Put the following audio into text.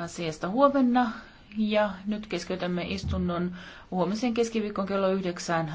asiasta huomenna ja nyt keskeytämme istunnon huomisen keskiviikkoon kello yhdeksään